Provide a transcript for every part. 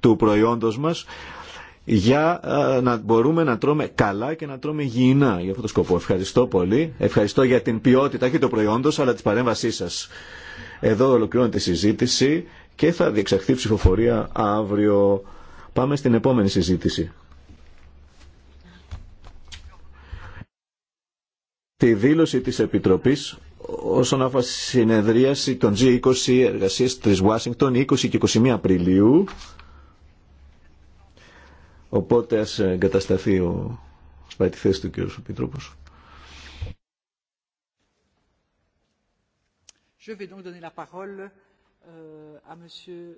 του προϊόντος μας για ε, να μπορούμε να τρώμε καλά και να τρώμε υγιεινά. Για αυτό το σκοπό ευχαριστώ πολύ. Ευχαριστώ για την ποιότητα και το προϊόντος αλλά της παρέμβασή σας. Εδώ ολοκληρώνεται η συζήτηση και θα διεξαχθεί ψηφοφορία αύριο. Πάμε στην επόμενη συζήτηση. Τη δήλωση της Επιτροπής όσον αφορά στη συνεδρίαση των G20 εργασίες της Washington 20 και 21 Απριλίου οπότε ας εγκατασταθεί ο πάει τη θέση του κύριου Επίτροπο. Euh,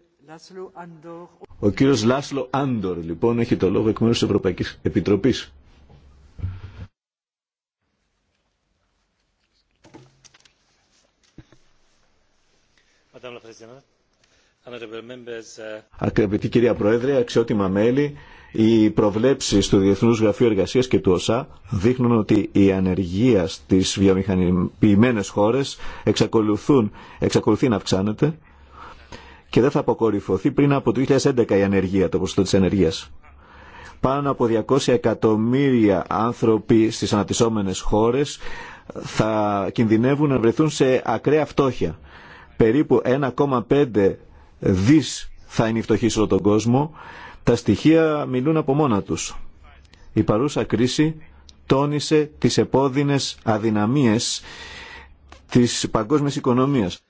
ο κύριος Λάσλο Άντορ λοιπόν έχει το λόγο εκ μέρους της Ευρωπαϊκής Επιτροπής Αγαπητή κυρία Πρόεδρε, αξιότιμα μέλη, οι προβλέψεις του Διεθνούς Γραφείου Εργασίας και του ΟΣΑ δείχνουν ότι η ανεργία στις βιομηχανικοποιημένες χώρες εξακολουθούν, εξακολουθεί να αυξάνεται και δεν θα αποκορυφωθεί πριν από το 2011 η ανεργία, το ποσοστό της ανεργίας. Πάνω από 200 εκατομμύρια άνθρωποι στις αναπτυσσόμενες χώρες θα κινδυνεύουν να βρεθούν σε ακραία φτώχεια περίπου 1,5 δις θα είναι η φτωχή σε όλο τον κόσμο, τα στοιχεία μιλούν από μόνα τους. Η παρούσα κρίση τόνισε τις επώδυνες αδυναμίες της παγκόσμιας οικονομίας.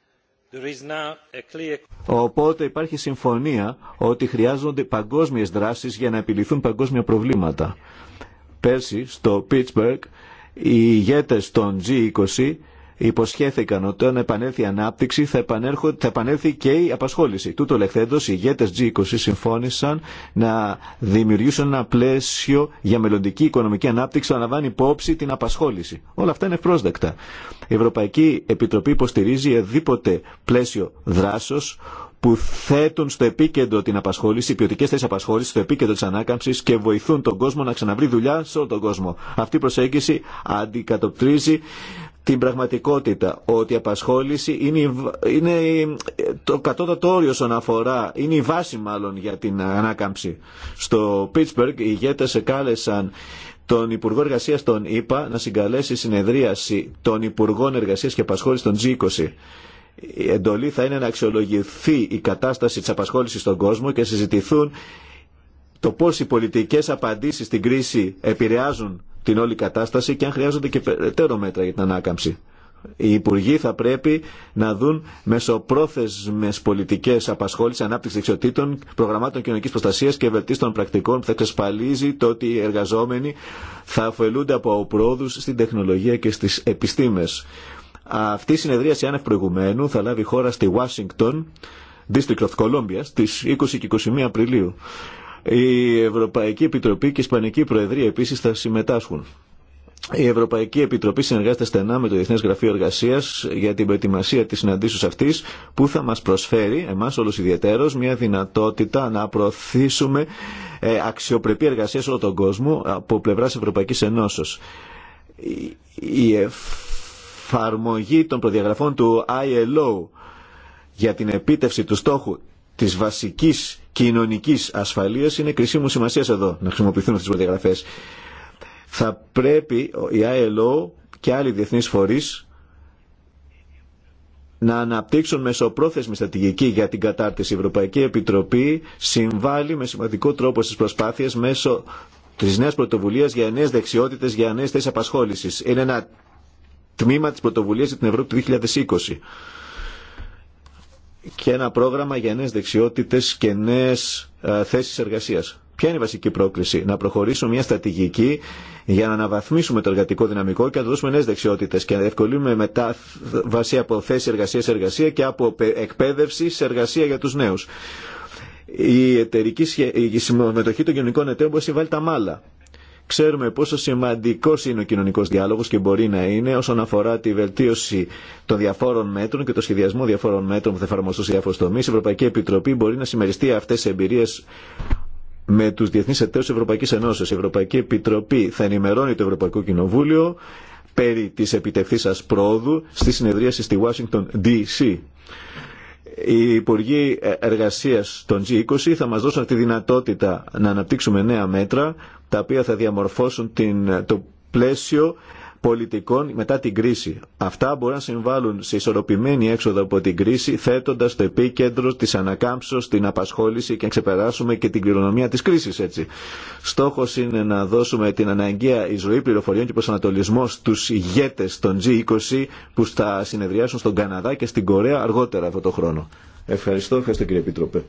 Οπότε υπάρχει συμφωνία ότι χρειάζονται παγκόσμιες δράσεις για να επιληθούν παγκόσμια προβλήματα. Πέρσι στο Pittsburgh οι ηγέτες των G20 υποσχέθηκαν ότι όταν επανέλθει η ανάπτυξη θα, επανέλθει, θα επανέλθει και η απασχόληση. Τούτο λεχθέντος, οι ηγετε g G20 συμφώνησαν να δημιουργήσουν ένα πλαίσιο για μελλοντική οικονομική ανάπτυξη που αναβάνει υπόψη την απασχόληση. Όλα αυτά είναι ευπρόσδεκτα. Η Ευρωπαϊκή Επιτροπή υποστηρίζει εδήποτε πλαίσιο δράσεω που θέτουν στο επίκεντρο την απασχόληση, οι ποιοτικέ θέσει απασχόληση, στο επίκεντρο τη ανάκαμψη και βοηθούν τον κόσμο να ξαναβρει δουλειά σε όλο τον κόσμο. Αυτή η προσέγγιση αντικατοπτρίζει την πραγματικότητα ότι η απασχόληση είναι, το κατώτατο όριο όσον αφορά, είναι η βάση μάλλον για την ανάκαμψη. Στο Pittsburgh οι ηγέτες κάλεσαν τον Υπουργό Εργασία των ΗΠΑ να συγκαλέσει συνεδρίαση των Υπουργών Εργασία και Απασχόληση των G20. Η εντολή θα είναι να αξιολογηθεί η κατάσταση της απασχόλησης στον κόσμο και συζητηθούν το πώ οι πολιτικέ απαντήσει στην κρίση επηρεάζουν την όλη κατάσταση και αν χρειάζονται και περαιτέρω μέτρα για την ανάκαμψη. Οι υπουργοί θα πρέπει να δουν μεσοπρόθεσμε πολιτικέ απασχόληση, ανάπτυξη δεξιοτήτων, προγραμμάτων κοινωνική προστασία και βελτίστων πρακτικών που θα εξασφαλίζει το ότι οι εργαζόμενοι θα ωφελούνται από πρόοδου στην τεχνολογία και στι επιστήμε. Αυτή η συνεδρίαση άνευ προηγουμένου θα λάβει χώρα στη Washington, District of Columbia, στι 20 και 21 Απριλίου. Η Ευρωπαϊκή Επιτροπή και η Ισπανική Προεδρία επίση θα συμμετάσχουν. Η Ευρωπαϊκή Επιτροπή συνεργάζεται στενά με το Διεθνέ Γραφείο Εργασία για την προετοιμασία τη συναντήσεω αυτή, που θα μα προσφέρει, εμά όλου ιδιαίτερω, μια δυνατότητα να προωθήσουμε ε, αξιοπρεπή εργασία σε όλο τον κόσμο από πλευρά Ευρωπαϊκή Ενώσεω. Η εφαρμογή των προδιαγραφών του ILO για την επίτευξη του στόχου της βασικής κοινωνικής ασφαλείας είναι κρισίμου σημασίας εδώ να χρησιμοποιηθούν αυτές τις προδιαγραφές. Θα πρέπει η ILO και άλλοι διεθνείς φορείς να αναπτύξουν μεσοπρόθεσμη στρατηγική για την κατάρτιση. Η Ευρωπαϊκή Επιτροπή συμβάλλει με σημαντικό τρόπο στις προσπάθειες μέσω τη νέα πρωτοβουλία για νέε δεξιότητε, για νέε θέσεις απασχόληση. Είναι ένα τμήμα τη πρωτοβουλία για την Ευρώπη του 2020 και ένα πρόγραμμα για νέες δεξιότητες και νέες ε, θέσεις εργασίας. Ποια είναι η βασική πρόκληση, να προχωρήσουμε μια στρατηγική για να αναβαθμίσουμε το εργατικό δυναμικό και να δώσουμε νέε δεξιότητε και να διευκολύνουμε μετά βασία από θέση εργασία σε εργασία και από εκπαίδευση σε εργασία για του νέου. Η εταιρική η συμμετοχή των κοινωνικών εταίρων μπορεί να συμβάλλει τα μάλα Ξέρουμε πόσο σημαντικό είναι ο κοινωνικό διάλογο και μπορεί να είναι όσον αφορά τη βελτίωση των διαφόρων μέτρων και το σχεδιασμό διαφόρων μέτρων που θα εφαρμοστούν σε διάφορου τομεί. Η Ευρωπαϊκή Επιτροπή μπορεί να συμμεριστεί αυτέ τι εμπειρίε με του διεθνεί εταίρου Ευρωπαϊκή Ενώσεω. Η Ευρωπαϊκή Επιτροπή θα ενημερώνει το Ευρωπαϊκό Κοινοβούλιο περί τη επιτευχή σα πρόοδου στη συνεδρίαση στη Washington DC. Οι Υπουργοί Εργασίας των G20 θα μας δώσουν τη δυνατότητα να αναπτύξουμε νέα μέτρα τα οποία θα διαμορφώσουν την, το πλαίσιο πολιτικών μετά την κρίση. Αυτά μπορούν να συμβάλλουν σε ισορροπημένη έξοδο από την κρίση, θέτοντα το επίκεντρο τη ανακάμψεω, την απασχόληση και να ξεπεράσουμε και την κληρονομία τη κρίση. Στόχο είναι να δώσουμε την αναγκαία εισρωή πληροφοριών και προσανατολισμό στου ηγέτε των G20 που θα συνεδριάσουν στον Καναδά και στην Κορέα αργότερα αυτό το χρόνο. Ευχαριστώ, ευχαριστώ κύριε Επίτροπε.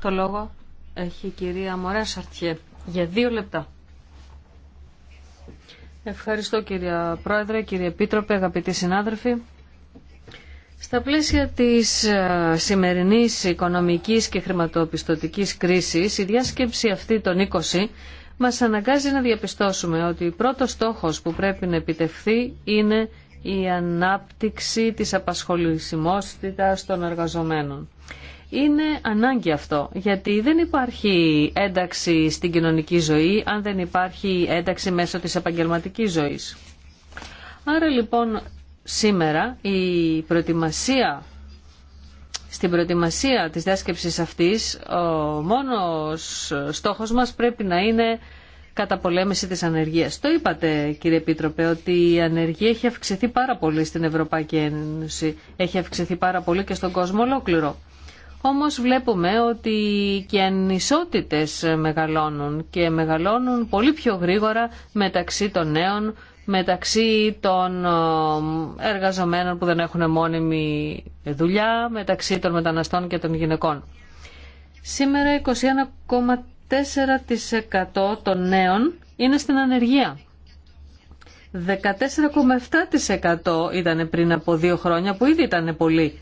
Το λόγο έχει η κυρία Μωρέ Σαρτιέ για δύο λεπτά. Ευχαριστώ κυρία Πρόεδρε, κύριε Επίτροπε, αγαπητοί συνάδελφοι. Στα πλαίσια της ε, σημερινής οικονομικής και χρηματοπιστωτικής κρίσης, η διάσκεψη αυτή των 20 μας αναγκάζει να διαπιστώσουμε ότι ο πρώτος στόχος που πρέπει να επιτευχθεί είναι η ανάπτυξη της απασχολησιμότητας των εργαζομένων. Είναι ανάγκη αυτό, γιατί δεν υπάρχει ένταξη στην κοινωνική ζωή αν δεν υπάρχει ένταξη μέσω της επαγγελματικής ζωής. Άρα λοιπόν σήμερα η προετοιμασία στην προετοιμασία της διάσκεψης αυτής ο μόνος στόχος μας πρέπει να είναι καταπολέμηση της ανεργίας. Το είπατε κύριε Επίτροπε ότι η ανεργία έχει αυξηθεί πάρα πολύ στην Ευρωπαϊκή Ένωση. Έχει αυξηθεί πάρα πολύ και στον κόσμο ολόκληρο. Όμως βλέπουμε ότι και ανισότητες μεγαλώνουν και μεγαλώνουν πολύ πιο γρήγορα μεταξύ των νέων, μεταξύ των ε, εργαζομένων που δεν έχουν μόνιμη δουλειά, μεταξύ των μεταναστών και των γυναικών. Σήμερα 21,4% των νέων είναι στην ανεργία. 14,7% ήταν πριν από δύο χρόνια που ήδη ήταν πολύ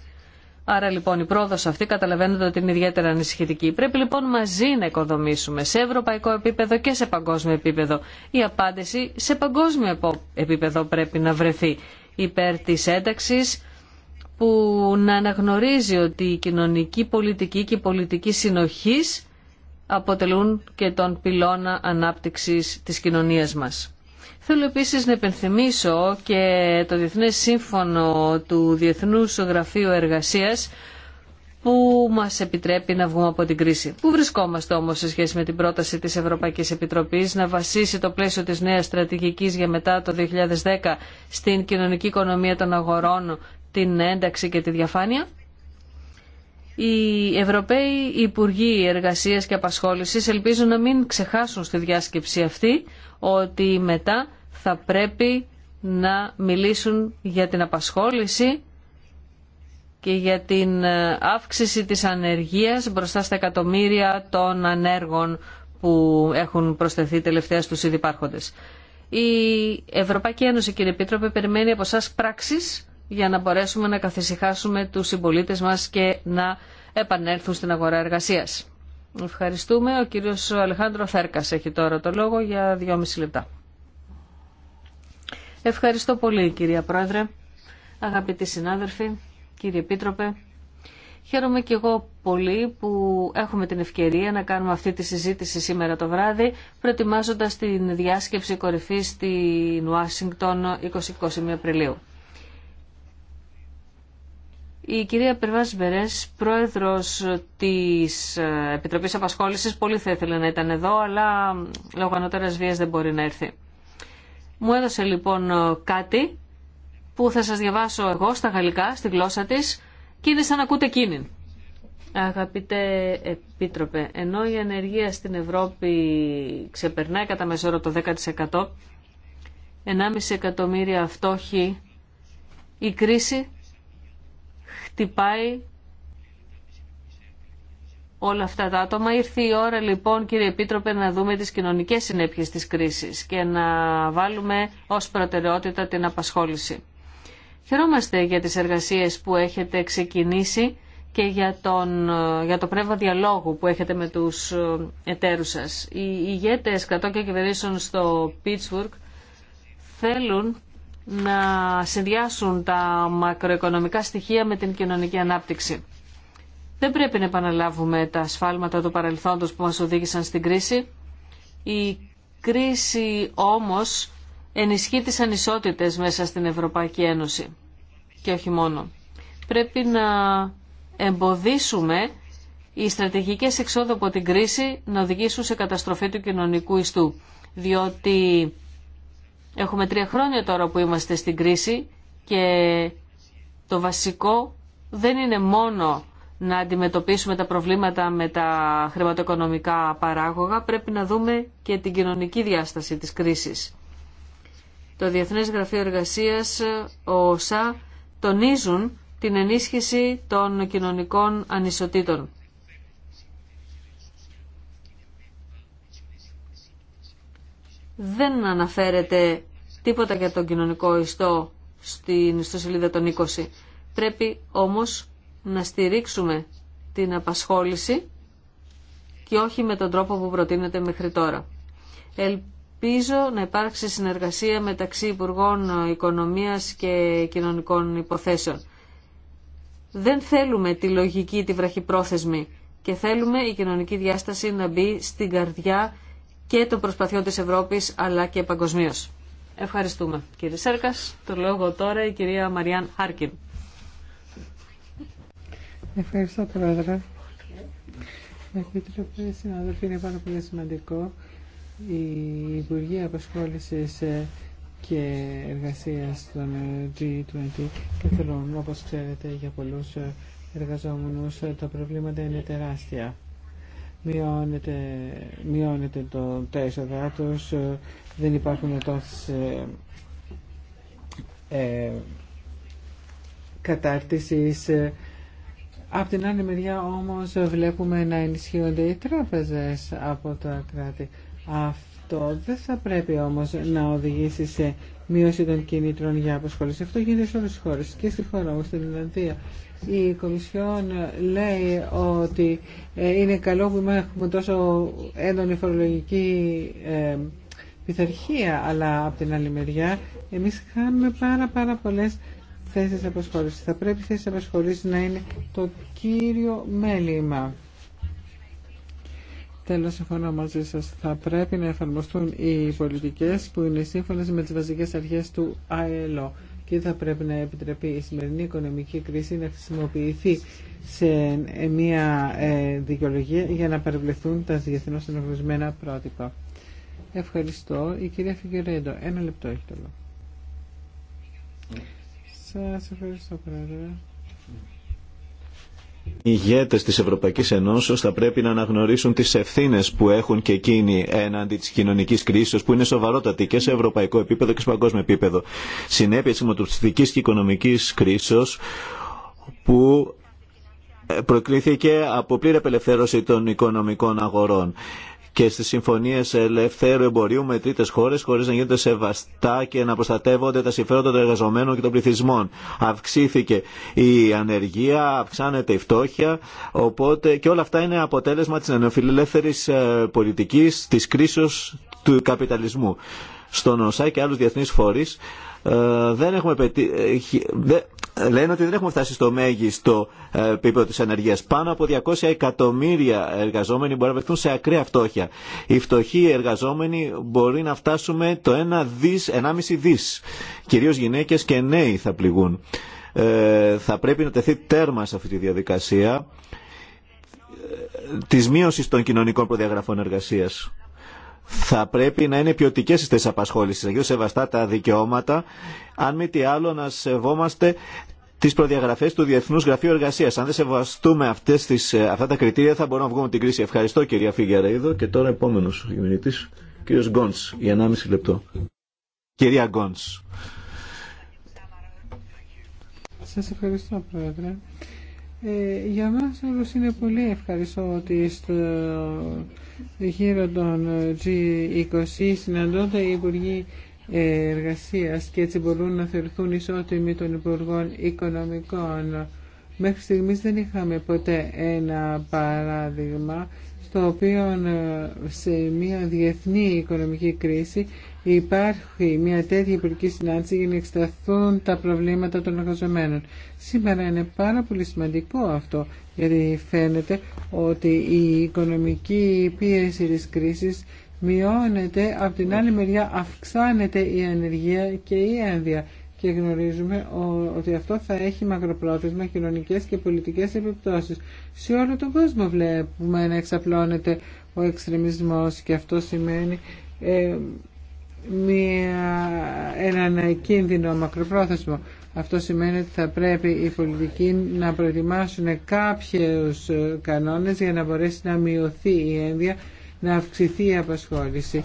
Άρα λοιπόν η πρόοδος αυτή καταλαβαίνετε ότι είναι ιδιαίτερα ανησυχητική. Πρέπει λοιπόν μαζί να οικοδομήσουμε σε ευρωπαϊκό επίπεδο και σε παγκόσμιο επίπεδο. Η απάντηση σε παγκόσμιο επίπεδο πρέπει να βρεθεί υπέρ της ένταξης που να αναγνωρίζει ότι η κοινωνική πολιτική και η πολιτική συνοχής αποτελούν και τον πυλώνα ανάπτυξης της κοινωνίας μας. Θέλω επίσης να επενθυμίσω και το Διεθνές Σύμφωνο του Διεθνούς Γραφείου Εργασίας που μας επιτρέπει να βγούμε από την κρίση. Πού βρισκόμαστε όμως σε σχέση με την πρόταση της Ευρωπαϊκής Επιτροπής να βασίσει το πλαίσιο της νέας στρατηγικής για μετά το 2010 στην κοινωνική οικονομία των αγορών, την ένταξη και τη διαφάνεια. Οι Ευρωπαίοι Υπουργοί Εργασίας και Απασχόλησης ελπίζουν να μην ξεχάσουν στη διάσκεψη αυτή ότι μετά θα πρέπει να μιλήσουν για την απασχόληση και για την ε, αύξηση της ανεργίας μπροστά στα εκατομμύρια των ανέργων που έχουν προσθεθεί τελευταία στους ήδη υπάρχοντες. Η Ευρωπαϊκή Ένωση, κύριε Επίτροπε, περιμένει από εσά πράξεις για να μπορέσουμε να καθησυχάσουμε τους συμπολίτε μας και να επανέλθουν στην αγορά εργασίας. Ευχαριστούμε. Ο κύριος Αλεχάνδρο Θέρκας έχει τώρα το λόγο για δυόμιση λεπτά. Ευχαριστώ πολύ κυρία Πρόεδρε, αγαπητοί συνάδελφοι, κύριε Επίτροπε. Χαίρομαι και εγώ πολύ που έχουμε την ευκαιρία να κάνουμε αυτή τη συζήτηση σήμερα το βράδυ, προετοιμάζοντας την διάσκεψη κορυφής στην Ουάσιγκτον 20-21 Απριλίου. Η κυρία Περβάς Μπερές, πρόεδρος της Επιτροπής Απασχόλησης, πολύ θα ήθελε να ήταν εδώ, αλλά λόγω ανώτερας βίας δεν μπορεί να έρθει. Μου έδωσε λοιπόν ε, κάτι που θα σας διαβάσω εγώ στα γαλλικά, στη γλώσσα της και είναι σαν να ακούτε εκείνη. Αγαπητέ Επίτροπε, ενώ η ανεργία στην Ευρώπη ξεπερνάει κατά μεσόρο το 10%, 1,5 εκατομμύρια φτώχοι, η κρίση χτυπάει όλα αυτά τα άτομα. Ήρθε η ώρα λοιπόν κύριε Επίτροπε να δούμε τις κοινωνικές συνέπειες της κρίσης και να βάλουμε ως προτεραιότητα την απασχόληση. Χαιρόμαστε για τις εργασίες που έχετε ξεκινήσει και για, τον, για το πνεύμα διαλόγου που έχετε με τους ε, εταίρους σας. Οι ηγέτες κατώ και κυβερνήσεων στο Πίτσβουρκ θέλουν να συνδυάσουν τα μακροοικονομικά στοιχεία με την κοινωνική ανάπτυξη. Δεν πρέπει να επαναλάβουμε τα ασφάλματα του παρελθόντος που μας οδήγησαν στην κρίση. Η κρίση όμως ενισχύει τις ανισότητες μέσα στην Ευρωπαϊκή Ένωση και όχι μόνο. Πρέπει να εμποδίσουμε οι στρατηγικές εξόδου από την κρίση να οδηγήσουν σε καταστροφή του κοινωνικού ιστού. Διότι έχουμε τρία χρόνια τώρα που είμαστε στην κρίση και το βασικό δεν είναι μόνο να αντιμετωπίσουμε τα προβλήματα με τα χρηματοοικονομικά παράγωγα, πρέπει να δούμε και την κοινωνική διάσταση της κρίσης. Το Διεθνές Γραφείο Εργασίας, ο ΩΣΑ, τονίζουν την ενίσχυση των κοινωνικών ανισοτήτων. Δεν αναφέρεται τίποτα για τον κοινωνικό ιστό στην ιστοσελίδα των 20. Πρέπει όμως να στηρίξουμε την απασχόληση και όχι με τον τρόπο που προτείνεται μέχρι τώρα. Ελπίζω να υπάρξει συνεργασία μεταξύ Υπουργών Οικονομίας και Κοινωνικών Υποθέσεων. Δεν θέλουμε τη λογική, τη βραχυπρόθεσμη και θέλουμε η κοινωνική διάσταση να μπει στην καρδιά και των προσπαθειών της Ευρώπης αλλά και παγκοσμίω. Ευχαριστούμε. Κύριε Σέρκας, το λόγο τώρα η κυρία Μαριάν Χάρκιν. Ευχαριστώ, Πρόεδρε. επιτροπή, συναδελφοί, είναι πάρα πολύ σημαντικό η Υπουργή Απασχόληση ε, και Εργασία των ε, G20 καθελούν, όπω ξέρετε, για πολλού ε, εργαζόμενου τα προβλήματα είναι τεράστια. Μειώνεται, μειώνεται το, τα έσοδά δεν υπάρχουν τόσε ε, κατάρτιση Απ' την άλλη μεριά όμως βλέπουμε να ενισχύονται οι τράπεζες από τα κράτη. Αυτό δεν θα πρέπει όμως να οδηγήσει σε μείωση των κινήτρων για αποσχόληση. Αυτό γίνεται σε όλες τις χώρες και στη χώρα μου, στην Ιλλανδία. Η Κομισιόν λέει ότι ε, είναι καλό που έχουμε τόσο έντονη φορολογική ε, πειθαρχία, αλλά από την άλλη μεριά εμείς χάνουμε πάρα πάρα πολλές θέσεις απασχόλησης. Θα πρέπει οι θέσεις απασχόληση να είναι το κύριο μέλημα. Τέλος, συμφωνώ μαζί σας. Θα πρέπει να εφαρμοστούν οι πολιτικές που είναι σύμφωνες με τις βασικές αρχές του ΑΕΛΟ και θα πρέπει να επιτρέπει η σημερινή οικονομική κρίση να χρησιμοποιηθεί σε μια ε, δικαιολογία για να παρευλεθούν τα διεθνώς αναγνωρισμένα πρότυπα. Ευχαριστώ. Η κυρία Φιγκερέντο, ένα λεπτό έχει το λόγο ευχαριστώ, Πρόεδρε. Οι ηγέτες της Ευρωπαϊκής Ενώσεως θα πρέπει να αναγνωρίσουν τις ευθύνες που έχουν και εκείνοι έναντι της κοινωνικής κρίσης που είναι σοβαρότατη και σε ευρωπαϊκό επίπεδο και σε παγκόσμιο επίπεδο. Συνέπεια της χρηματοπιστικής και οικονομικής κρίσης που προκλήθηκε από πλήρη απελευθέρωση των οικονομικών αγορών και στι συμφωνίε ελευθέρου εμπορίου με τρίτες χώρες χωρίς να γίνονται σεβαστά και να προστατεύονται τα συμφέροντα των εργαζομένων και των πληθυσμών. Αυξήθηκε η ανεργία, αυξάνεται η φτώχεια οπότε και όλα αυτά είναι αποτέλεσμα της ανεοφιλελεύθερης ε, πολιτικής, της κρίσεω του καπιταλισμού. Στον ΟΣΑ και άλλους διεθνείς φορείς ε, δεν έχουμε πετύχει. Ε, λένε ότι δεν έχουμε φτάσει στο μέγιστο ε, επίπεδο τη ανεργία. Πάνω από 200 εκατομμύρια εργαζόμενοι μπορεί να βρεθούν σε ακραία φτώχεια. Οι φτωχοί εργαζόμενοι μπορεί να φτάσουμε το 1,5 δις. Κυρίως γυναίκες και νέοι θα πληγούν. Ε, θα πρέπει να τεθεί τέρμα σε αυτή τη διαδικασία ε, της μείωσης των κοινωνικών προδιαγραφών εργασίας θα πρέπει να είναι ποιοτικέ οι θέσει απασχόληση, να γίνουν σεβαστά τα δικαιώματα, αν μη τι άλλο να σεβόμαστε τι προδιαγραφέ του Διεθνού Γραφείου Εργασία. Αν δεν σεβαστούμε αυτές τις, ε, αυτά τα κριτήρια, θα μπορούμε να βγούμε την κρίση. Ευχαριστώ, κυρία Φιγκεραίδο. Και τώρα επόμενο γυμνητή, κύριο Γκόντ, για 1,5 λεπτό. Κυρία Γκόντ. Σα ευχαριστώ, Πρόεδρε. Ε, για μας όλους είναι πολύ ευχαριστώ ότι στο γύρο των G20 συναντώνται οι Υπουργοί Εργασίας και έτσι μπορούν να θεωρηθούν ισότιμοι των Υπουργών Οικονομικών. Μέχρι στιγμής δεν είχαμε ποτέ ένα παράδειγμα στο οποίο ε, σε μια διεθνή οικονομική κρίση υπάρχει μια τέτοια υπουργική συνάντηση για να εξεταθούν τα προβλήματα των εργαζομένων. Σήμερα είναι πάρα πολύ σημαντικό αυτό, γιατί φαίνεται ότι η οικονομική πίεση της κρίσης μειώνεται, από την άλλη μεριά αυξάνεται η ανεργία και η ένδια και γνωρίζουμε ότι αυτό θα έχει μακροπρόθεσμα κοινωνικές και πολιτικές επιπτώσεις. Σε όλο τον κόσμο βλέπουμε να εξαπλώνεται ο εξτρεμισμός και αυτό σημαίνει ε, μια, έναν κίνδυνο μακροπρόθεσμο. Αυτό σημαίνει ότι θα πρέπει οι πολιτικοί να προετοιμάσουν κάποιους ε, κανόνες για να μπορέσει να μειωθεί η ένδια, να αυξηθεί η απασχόληση.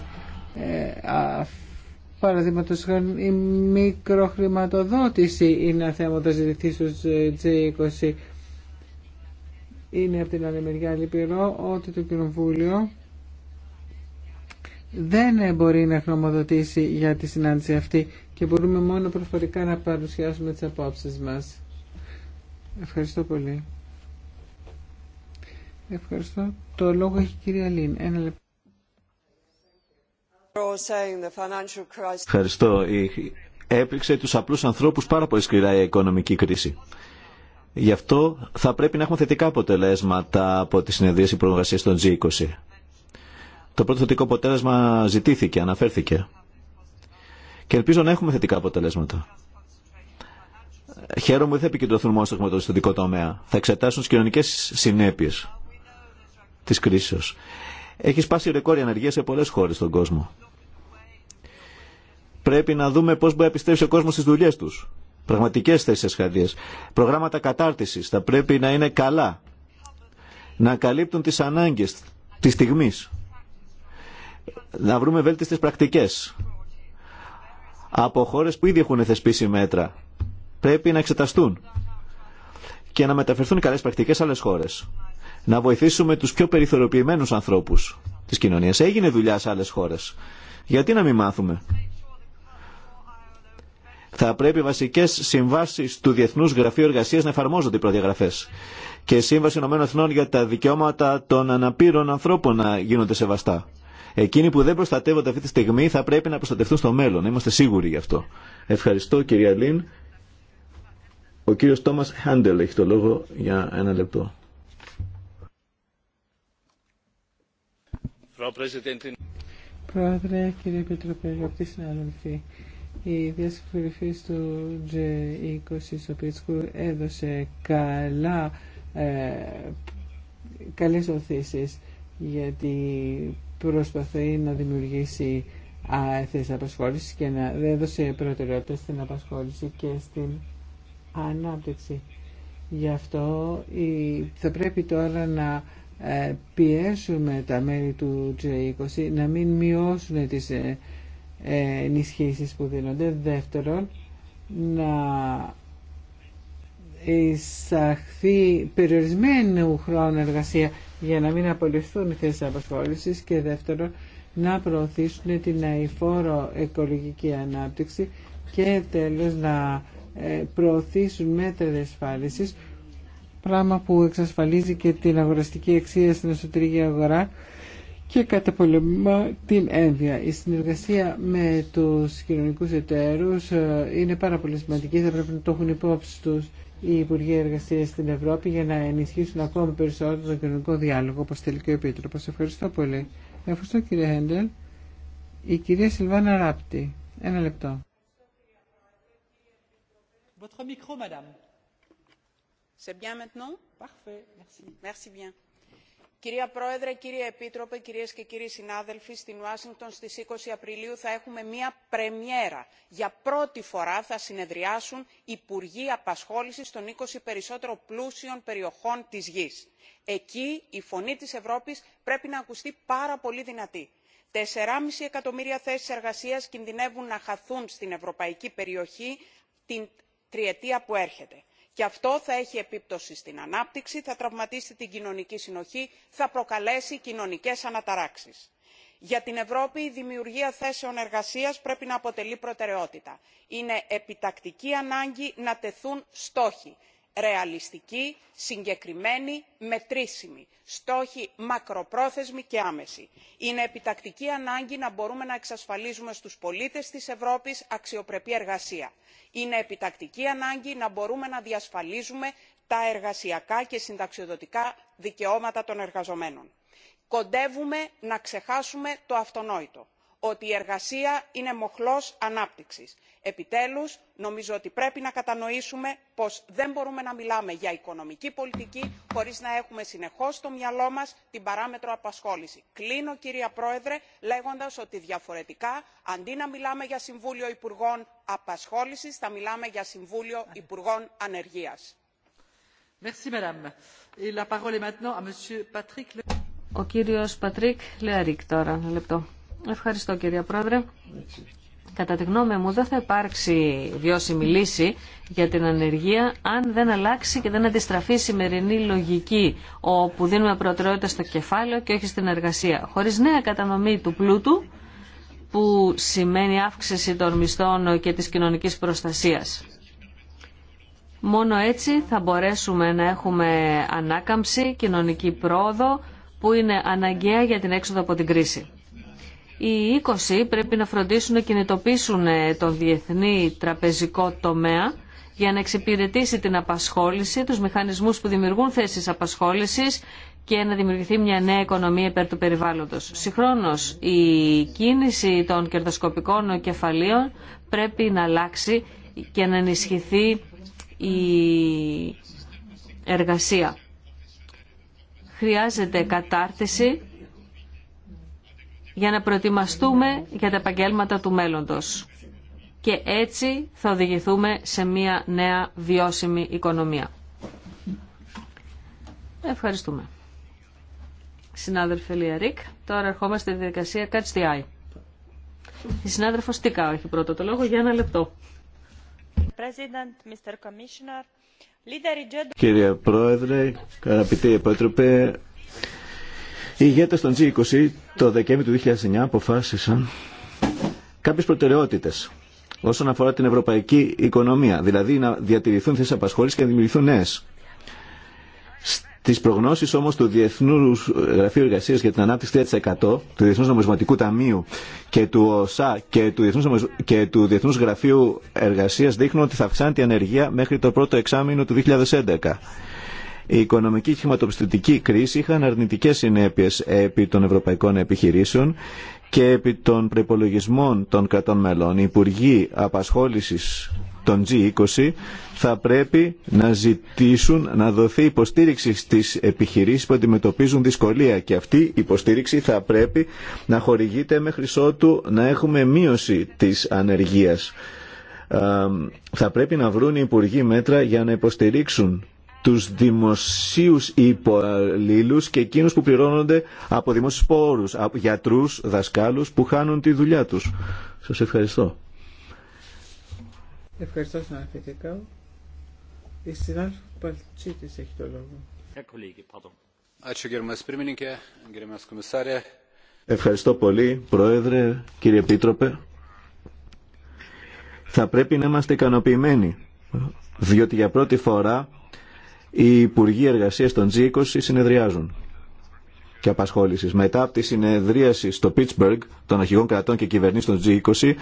Ε, α, η μικροχρηματοδότηση είναι θέμα που θα ζητηθεί ε, G20. Είναι από την άλλη μεριά λυπηρό ότι το Κοινοβούλιο δεν μπορεί να χρωμοδοτήσει για τη συνάντηση αυτή και μπορούμε μόνο προφορικά να παρουσιάσουμε τις απόψεις μας. Ευχαριστώ πολύ. Ευχαριστώ. Το λόγο έχει η κυρία Λίν. Ένα λεπτό. Ευχαριστώ. Έπληξε τους απλούς ανθρώπους πάρα πολύ σκληρά η οικονομική κρίση. Γι' αυτό θα πρέπει να έχουμε θετικά αποτελέσματα από τη συνεδρίαση προεργασίας των G20 το πρώτο θετικό αποτέλεσμα ζητήθηκε, αναφέρθηκε. Και ελπίζω να έχουμε θετικά αποτελέσματα. Χαίρομαι ότι θα επικεντρωθούν μόνο στο χρηματοδοτικό τομέα. Θα εξετάσουν τι κοινωνικέ συνέπειε τη κρίση. Έχει σπάσει ρεκόρ η ανεργία σε πολλέ χώρε στον κόσμο. Πρέπει να δούμε πώ μπορεί να επιστρέψει ο κόσμο στι δουλειέ του. Πραγματικέ θέσει ασχαδίε. Προγράμματα κατάρτιση θα πρέπει να είναι καλά. Να καλύπτουν τι ανάγκε τη στιγμή να βρούμε βέλτιστες πρακτικές από χώρες που ήδη έχουν θεσπίσει μέτρα. Πρέπει να εξεταστούν και να μεταφερθούν οι καλές πρακτικές σε άλλες χώρες. Να βοηθήσουμε τους πιο περιθωριοποιημένους ανθρώπους της κοινωνίας. Έγινε δουλειά σε άλλες χώρες. Γιατί να μην μάθουμε. Θα πρέπει βασικέ βασικές συμβάσεις του Διεθνούς Γραφείου Εργασίας να εφαρμόζονται οι προδιαγραφές. Και η Σύμβαση ΗΕ για τα δικαιώματα των αναπήρων ανθρώπων να γίνονται σεβαστά. Εκείνοι που δεν προστατεύονται αυτή τη στιγμή θα πρέπει να προστατευτούν στο μέλλον. Είμαστε σίγουροι γι' αυτό. Ευχαριστώ κυρία Λίν. Ο κύριος Τόμας Χάντελ έχει το λόγο για ένα λεπτό. Πρόεδρε, κύριε Επιτροπέ, αγαπητοί συνάδελφοι, η διάσκεψη του G20 στο Πίτσκου έδωσε καλά, ε, καλές οθήσεις γιατί προσπαθεί να δημιουργήσει θέσεις απασχόληση και να δέδωσε προτεραιότητα στην απασχόληση και στην ανάπτυξη. Γι' αυτό θα πρέπει τώρα να ε, πιέσουμε τα μέλη του G20 να μην μειώσουν τις ε, ενισχύσει που δίνονται. Δεύτερον, να εισαχθεί περιορισμένη χρόνου εργασία για να μην απολυθούν οι θέσεις απασχόλησης και δεύτερον να προωθήσουν την αηφόρο οικολογική ανάπτυξη και τέλος να ε, προωθήσουν μέτρα διασφάλισης πράγμα που εξασφαλίζει και την αγοραστική αξία στην εσωτερική αγορά και καταπολεμά την ένδια. Η συνεργασία με τους κοινωνικούς εταίρους ε, είναι πάρα πολύ σημαντική, θα πρέπει να το έχουν υπόψη τους οι Υπουργοί Εργασία στην Ευρώπη για να ενισχύσουν ακόμη περισσότερο τον κοινωνικό διάλογο, όπω θέλει και ο Επίτροπο. Ευχαριστώ πολύ. Ευχαριστώ κύριε Χέντελ. Η κυρία Σιλβάνα Ράπτη. Ένα λεπτό. Parfait. Merci. Merci bien. Κυρία Πρόεδρε, κύριε Επίτροπε, κυρίες και κύριοι συνάδελφοι, στην Ουάσιγκτον στις 20 Απριλίου θα έχουμε μία πρεμιέρα. Για πρώτη φορά θα συνεδριάσουν Υπουργοί Απασχόλησης των 20 περισσότερο πλούσιων περιοχών της γης. Εκεί η φωνή της Ευρώπης πρέπει να ακουστεί πάρα πολύ δυνατή. 4,5 εκατομμύρια θέσεις εργασίας κινδυνεύουν να χαθούν στην ευρωπαϊκή περιοχή την τριετία που έρχεται και αυτό θα έχει επίπτωση στην ανάπτυξη θα τραυματίσει την κοινωνική συνοχή θα προκαλέσει κοινωνικές αναταράξεις. για την ευρώπη η δημιουργία θέσεων εργασίας πρέπει να αποτελεί προτεραιότητα. είναι επιτακτική ανάγκη να τεθούν στόχοι. Ρεαλιστική, συγκεκριμένη, μετρήσιμη, στόχοι μακροπρόθεσμοι και άμεση. είναι επιτακτική ανάγκη να μπορούμε να εξασφαλίζουμε στους πολίτες της ευρώπης αξιοπρεπή εργασία. είναι επιτακτική ανάγκη να μπορούμε να διασφαλίζουμε τα εργασιακά και συνταξιοδοτικά δικαιώματα των εργαζομένων. κοντεύουμε να ξεχάσουμε το αυτονόητο ότι η εργασία είναι μοχλός ανάπτυξης. επιτέλους νομίζω ότι πρέπει να κατανοήσουμε πως δεν μπορούμε να μιλάμε για οικονομική πολιτική χωρίς να έχουμε συνεχώς στο μυαλό μας την παράμετρο απασχόληση. κλείνω κυρία πρόεδρε λέγοντας ότι διαφορετικά αντί να μιλάμε για συμβούλιο υπουργών απασχόλησης θα μιλάμε για συμβούλιο υπουργών ανεργίας. Ευχαριστώ κυρία Πρόεδρε. Κατά τη γνώμη μου δεν θα υπάρξει βιώσιμη λύση για την ανεργία αν δεν αλλάξει και δεν αντιστραφεί η σημερινή λογική όπου δίνουμε προτεραιότητα στο κεφάλαιο και όχι στην εργασία. Χωρίς νέα κατανομή του πλούτου που σημαίνει αύξηση των μισθών και της κοινωνικής προστασίας. Μόνο έτσι θα μπορέσουμε να έχουμε ανάκαμψη, κοινωνική πρόοδο που είναι αναγκαία για την έξοδο από την κρίση. Οι 20 πρέπει να φροντίσουν να κινητοποιήσουν ε, το διεθνή τραπεζικό τομέα για να εξυπηρετήσει την απασχόληση, τους μηχανισμούς που δημιουργούν θέσεις απασχόλησης και να δημιουργηθεί μια νέα οικονομία υπέρ του περιβάλλοντος. Συγχρόνως, η κίνηση των κερδοσκοπικών κεφαλίων πρέπει να αλλάξει και να ενισχυθεί η εργασία. Χρειάζεται κατάρτιση για να προετοιμαστούμε για τα επαγγέλματα του μέλλοντος. Και έτσι θα οδηγηθούμε σε μια νέα βιώσιμη οικονομία. Ευχαριστούμε. Συνάδελφε Λιαρίκ, τώρα ερχόμαστε στη διαδικασία Catch Η συνάδελφος Τικά έχει πρώτο το λόγο για ένα λεπτό. Κύριε Πρόεδρε, αγαπητοί υπότροπε ηγέτες των G20 το Δεκέμβριο του 2009 αποφάσισαν κάποιες προτεραιότητες όσον αφορά την ευρωπαϊκή οικονομία, δηλαδή να διατηρηθούν θέσεις απασχόλησης και να δημιουργηθούν νέες. Στις προγνώσεις όμως του Διεθνού Γραφείου Εργασίας για την Ανάπτυξη 3%, του Διεθνούς Νομισματικού Ταμείου και του ΟΣΑ και του Διεθνούς, και του Διεθνούς Γραφείου Εργασίας δείχνουν ότι θα αυξάνεται η ανεργία μέχρι το πρώτο εξάμεινο του 2011. Η οικονομική και χρηματοπιστωτική κρίση είχαν αρνητικές συνέπειες επί των ευρωπαϊκών επιχειρήσεων και επί των προπολογισμών των κρατών μελών. Οι Υπουργοί Απασχόλησης των G20 θα πρέπει να ζητήσουν να δοθεί υποστήριξη στις επιχειρήσεις που αντιμετωπίζουν δυσκολία και αυτή η υποστήριξη θα πρέπει να χορηγείται μέχρι ότου να έχουμε μείωση της ανεργίας. Θα πρέπει να βρουν οι Υπουργοί μέτρα για να υποστηρίξουν τους δημοσίους υπαλλήλους και εκείνους που πληρώνονται από δημόσιους πόρους, από γιατρούς, δασκάλους που χάνουν τη δουλειά τους. Σας ευχαριστώ. Ευχαριστώ Η έχει το λόγο. Ευχαριστώ πολύ, Πρόεδρε, κύριε Επίτροπε. Θα πρέπει να είμαστε ικανοποιημένοι, διότι για πρώτη φορά οι Υπουργοί Εργασία των G20 συνεδριάζουν και απασχόληση. Μετά από τη συνεδρίαση στο Pittsburgh των αρχηγών κρατών και κυβερνήσεων των G20,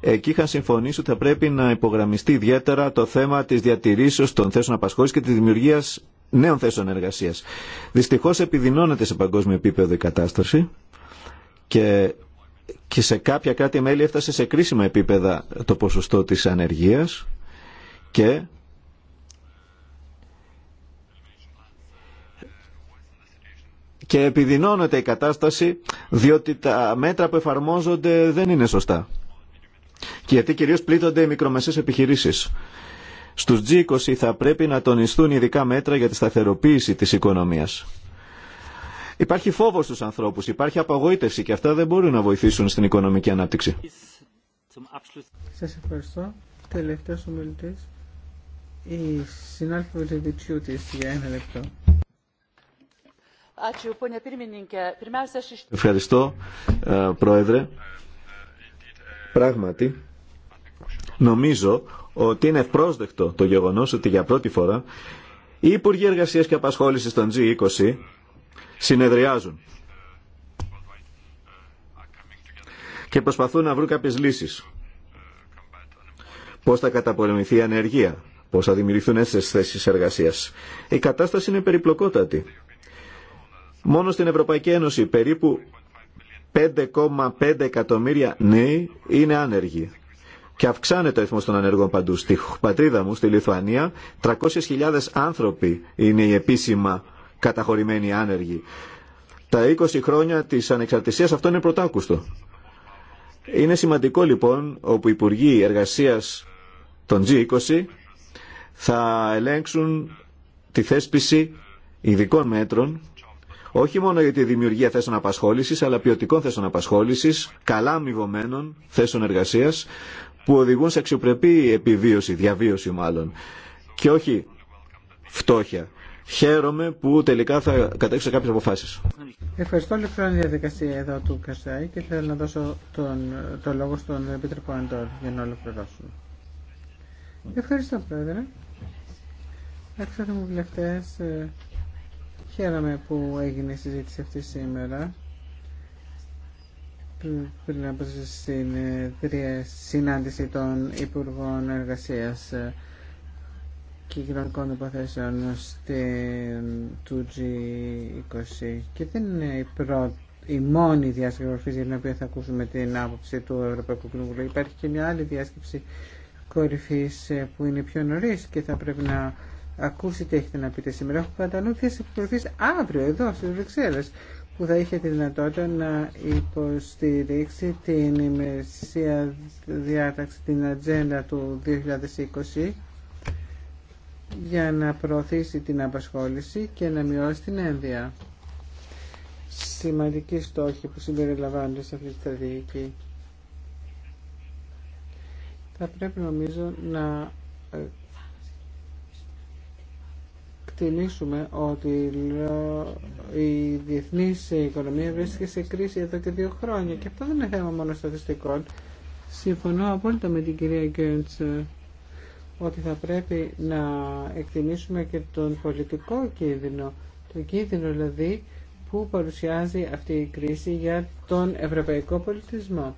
εκεί είχαν συμφωνήσει ότι θα πρέπει να υπογραμμιστεί ιδιαίτερα το θέμα τη διατηρήσεω των θέσεων απασχόληση και τη δημιουργία νέων θέσεων εργασία. Δυστυχώ επιδεινώνεται σε παγκόσμιο επίπεδο η κατάσταση και, και σε κάποια κράτη-μέλη έφτασε σε κρίσιμα επίπεδα το ποσοστό της ανεργίας και και επιδεινώνεται η κατάσταση διότι τα μέτρα που εφαρμόζονται δεν είναι σωστά. Και γιατί κυρίως πλήττονται οι μικρομεσαίες επιχειρήσεις. Στους G20 θα πρέπει να τονιστούν ειδικά μέτρα για τη σταθεροποίηση της οικονομίας. Υπάρχει φόβος στους ανθρώπους, υπάρχει απαγοήτευση και αυτά δεν μπορούν να βοηθήσουν στην οικονομική ανάπτυξη. Σας ευχαριστώ. Τελευταίος ομιλητής, η Ευχαριστώ, ε, Πρόεδρε. Πράγματι, νομίζω ότι είναι ευπρόσδεκτο το γεγονός ότι για πρώτη φορά οι Υπουργοί Εργασίας και Απασχόλησης των G20 συνεδριάζουν και προσπαθούν να βρουν κάποιες λύσεις. Πώς θα καταπολεμηθεί η ανεργία, πώς θα δημιουργηθούν έτσι θέσεις εργασίας. Η κατάσταση είναι περιπλοκότατη Μόνο στην Ευρωπαϊκή Ένωση περίπου 5,5 εκατομμύρια νέοι είναι άνεργοι. Και αυξάνεται ο αριθμό των ανεργών παντού. Στη πατρίδα μου, στη Λιθουανία, 300.000 άνθρωποι είναι οι επίσημα καταχωρημένοι άνεργοι. Τα 20 χρόνια τη ανεξαρτησία αυτό είναι πρωτάκουστο. Είναι σημαντικό λοιπόν όπου οι Υπουργοί Εργασία των G20 θα ελέγξουν τη θέσπιση ειδικών μέτρων όχι μόνο για τη δημιουργία θέσεων απασχόλησης, αλλά ποιοτικών θέσεων απασχόλησης, καλά αμοιβωμένων θέσεων εργασίας, που οδηγούν σε αξιοπρεπή επιβίωση, διαβίωση μάλλον, και όχι φτώχεια. Χαίρομαι που τελικά θα κατέξω σε κάποιες αποφάσεις. Ευχαριστώ λοιπόν τη διαδικασία εδώ του Κασάη και θέλω να δώσω τον, το λόγο στον Επίτροπο Αντόρ για να ολοκληρώσουμε. Ευχαριστώ Πρόεδρε. Χαίρομαι που έγινε η συζήτηση αυτή σήμερα πριν από τη συνάντηση των Υπουργών Εργασίας ε, και Κοινωνικών Υποθέσεων στην του G20 και δεν είναι η, πρώτη, η μόνη διάσκεψη για την οποία θα ακούσουμε την άποψη του Ευρωπαϊκού Κοινοβουλίου. Υπάρχει και μια άλλη διάσκεψη κορυφής ε, που είναι πιο νωρίς και θα πρέπει να ακούσει τι έχετε να πείτε σήμερα. Έχω κατά νου ποιες αύριο εδώ στις Βρυξέλλες που θα είχε τη δυνατότητα να υποστηρίξει την ημερησία διάταξη, την ατζέντα του 2020 για να προωθήσει την απασχόληση και να μειώσει την ένδια. Σημαντικοί στόχοι που συμπεριλαμβάνονται σε αυτή τη στρατηγική. Θα πρέπει νομίζω να ε, εκτιμήσουμε ότι η διεθνή οικονομία βρίσκεται σε κρίση εδώ και δύο χρόνια και αυτό δεν είναι θέμα μόνο στατιστικών. Συμφωνώ απόλυτα με την κυρία Γκέντς ε, ότι θα πρέπει να εκτιμήσουμε και τον πολιτικό κίνδυνο, το κίνδυνο δηλαδή που παρουσιάζει αυτή η κρίση για τον ευρωπαϊκό πολιτισμό.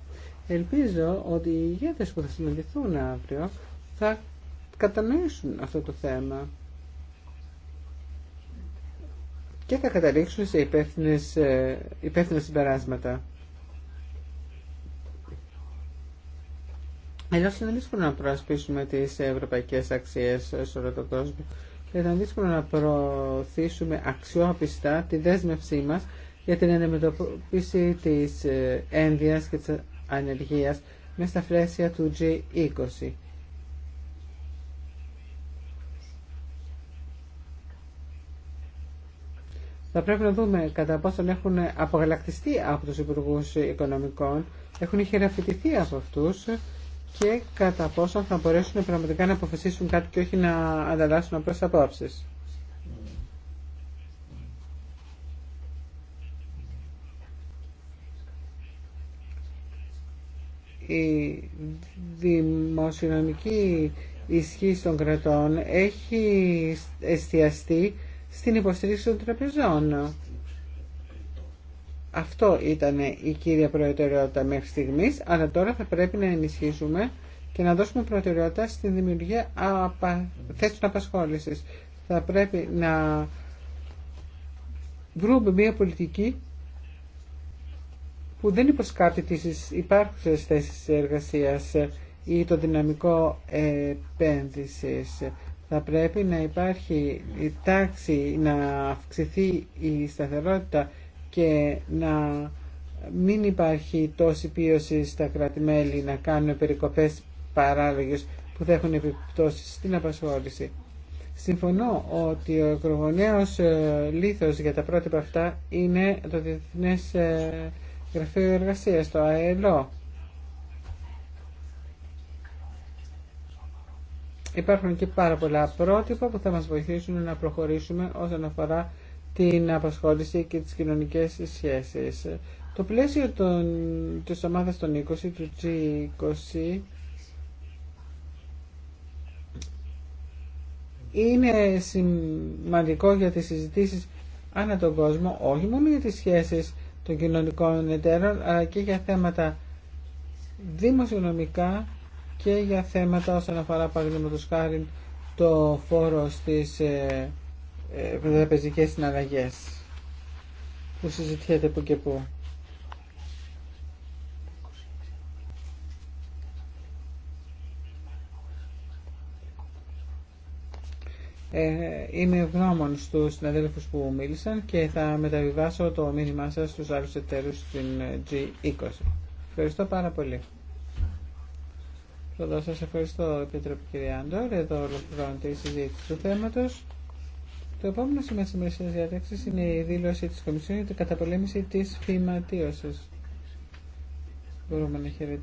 Ελπίζω ότι οι ηγέτες που θα συναντηθούν αύριο θα κατανοήσουν αυτό το θέμα και θα καταλήξουν σε υπεύθυνες, ε, συμπεράσματα. Ενώ είναι δύσκολο να προασπίσουμε τις ευρωπαϊκές αξίες σε όλο τον κόσμο και ήταν δύσκολο να προωθήσουμε αξιόπιστα τη δέσμευσή μας για την αντιμετωπίση τη ε, ένδυας και τη ανεργία μέσα στα φρέσια του G20. Θα πρέπει να δούμε κατά πόσον έχουν απογαλακτιστεί από τους υπουργού οικονομικών, έχουν χειραφητηθεί από αυτούς και κατά πόσον θα μπορέσουν πραγματικά να αποφασίσουν κάτι και όχι να ανταλλάσσουν απλώς απόψεις. η δημοσιονομική ισχύ των κρατών έχει εστιαστεί στην υποστήριξη των τραπεζών. Αυτό ήταν η κύρια προτεραιότητα μέχρι στιγμής, αλλά τώρα θα πρέπει να ενισχύσουμε και να δώσουμε προτεραιότητα στην δημιουργία απα... θέσεων απασχόλησης. Θα πρέπει να βρούμε μια πολιτική που δεν υποσκάπτει τις υπάρχουσες θέσεις εργασίας ή το δυναμικό επένδυσης θα πρέπει να υπάρχει η τάξη, να αυξηθεί η σταθερότητα και να μην υπάρχει τόση πίωση στα κρατη να κάνουν περικοπές παράλογες που θα έχουν επιπτώσεις στην απασχόληση. Συμφωνώ ότι ο ακρογωνιαίος ε, λήθος για τα πρότυπα αυτά είναι το Διεθνές ε, Γραφείο Εργασίας, το ΑΕΛΟ. Υπάρχουν και πάρα πολλά πρότυπα που θα μας βοηθήσουν να προχωρήσουμε όσον αφορά την απασχόληση και τις κοινωνικές σχέσεις. Το πλαίσιο των, της ομάδας των 20, του G20, είναι σημαντικό για τις συζητήσεις ανά τον κόσμο, όχι μόνο για τις σχέσεις των κοινωνικών εταίρων, αλλά και για θέματα δημοσιονομικά και για θέματα όσον αφορά παραδείγματο χάρη το φόρο στις ε, ε, συναλλαγές που συζητιέται που και που. Ε, είμαι ευγνώμων στους συναδέλφους που μίλησαν και θα μεταβιβάσω το μήνυμά σας στους άλλους εταίρους στην ε, G20. Ευχαριστώ πάρα πολύ. Εδώ σας ευχαριστώ Επίτροπη κυρία Άντορ. Εδώ ολοκληρώνεται η συζήτηση του θέματος. Το επόμενο σημείο της διάταξης είναι η δήλωση της Κομισιόν για την καταπολέμηση της φυματίωσης. Μπορούμε να χαιρετήσουμε.